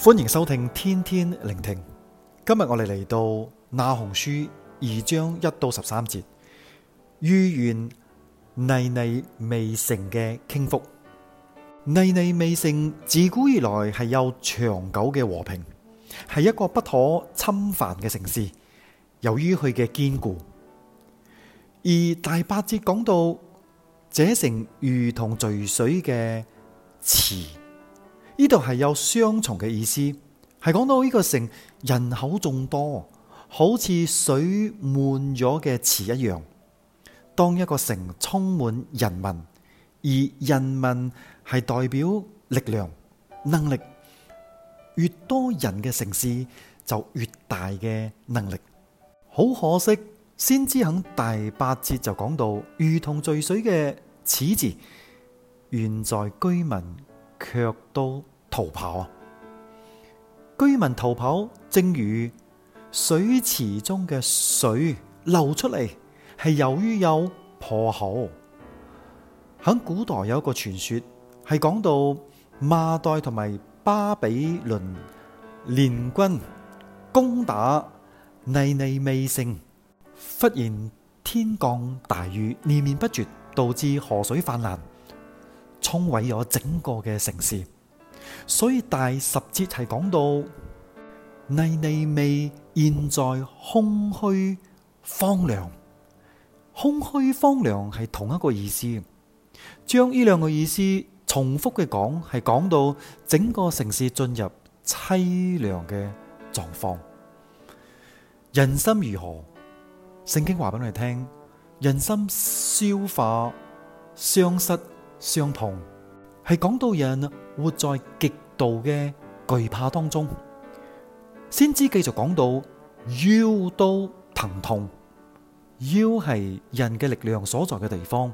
歡迎收聽天天聆聽。今日我哋嚟到那鴻書二章一到十三節，預言尼尼微城嘅傾覆。尼尼微城，自古以來係有長久嘅和平，係一個不可侵犯嘅城市。由於佢嘅堅固，而第八節講到，這城如同聚水嘅池呢度係有雙重嘅意思，係講到呢個城人口眾多，好似水滿咗嘅池一樣。當一個城充滿人民，而人民係代表力量、能力，越多人嘅城市就越大嘅能力。好可惜，先知喺第八節就講到，如同聚水嘅池子，現在居民卻都逃跑，居民逃跑，正如水池中嘅水流出嚟，係由於有破口。響古代有個傳說，係講到馬代同埋巴比倫聯軍攻打尼尼微城，忽然天降大雨，綿綿不絕，導致河水泛濫，沖毀咗整個嘅城市。所以第十節係講到，尼尼微現在空虛荒涼，空虛荒涼係同一個意思。將呢兩個意思重複嘅講，係講到整個城市進入淒涼嘅狀況。人心如何？聖經話俾你聽，人心消化，雙膝相碰。係講到人活在極度嘅懼怕當中，先知繼續講到腰都疼痛，腰係人嘅力量所在嘅地方，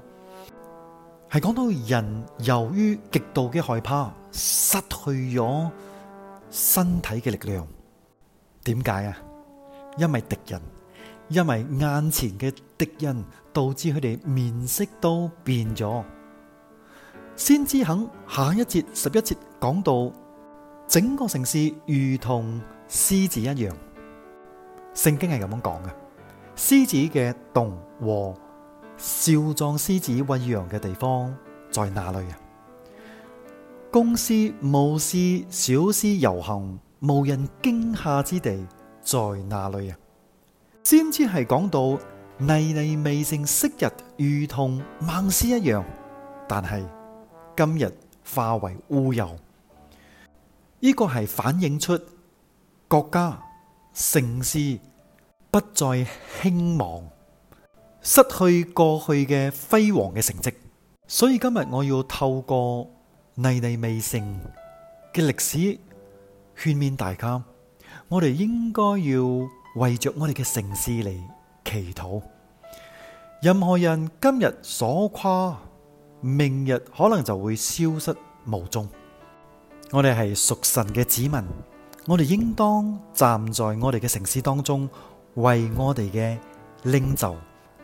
係講到人由於極度嘅害怕，失去咗身體嘅力量。點解啊？因為敵人，因為眼前嘅敵人，導致佢哋面色都變咗。先知肯下一節十一節講到整個城市如同獅子一樣，聖經係咁樣講嘅。獅子嘅洞和少壯獅子餵養嘅地方在哪裏啊？公獅、母獅、小獅游行無人驚吓之地在哪裏啊？先知係講到尼尼微城昔日如同猛獅一樣，但係。今日化為烏有，呢、這個係反映出國家城市不再興旺，失去過去嘅輝煌嘅成績。所以今日我要透過尼尼微城嘅歷史，勸勉大家，我哋應該要為着我哋嘅城市嚟祈禱。任何人今日所誇。明日可能就會消失無蹤。我哋係屬神嘅子民，我哋應當站在我哋嘅城市當中，為我哋嘅領袖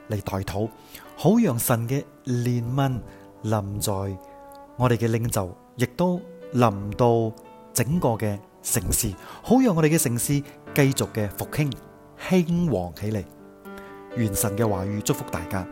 嚟代禱，好讓神嘅憐憫臨在我哋嘅領袖，亦都臨到整個嘅城市，好讓我哋嘅城市繼續嘅復興興旺起嚟。願神嘅話語祝福大家。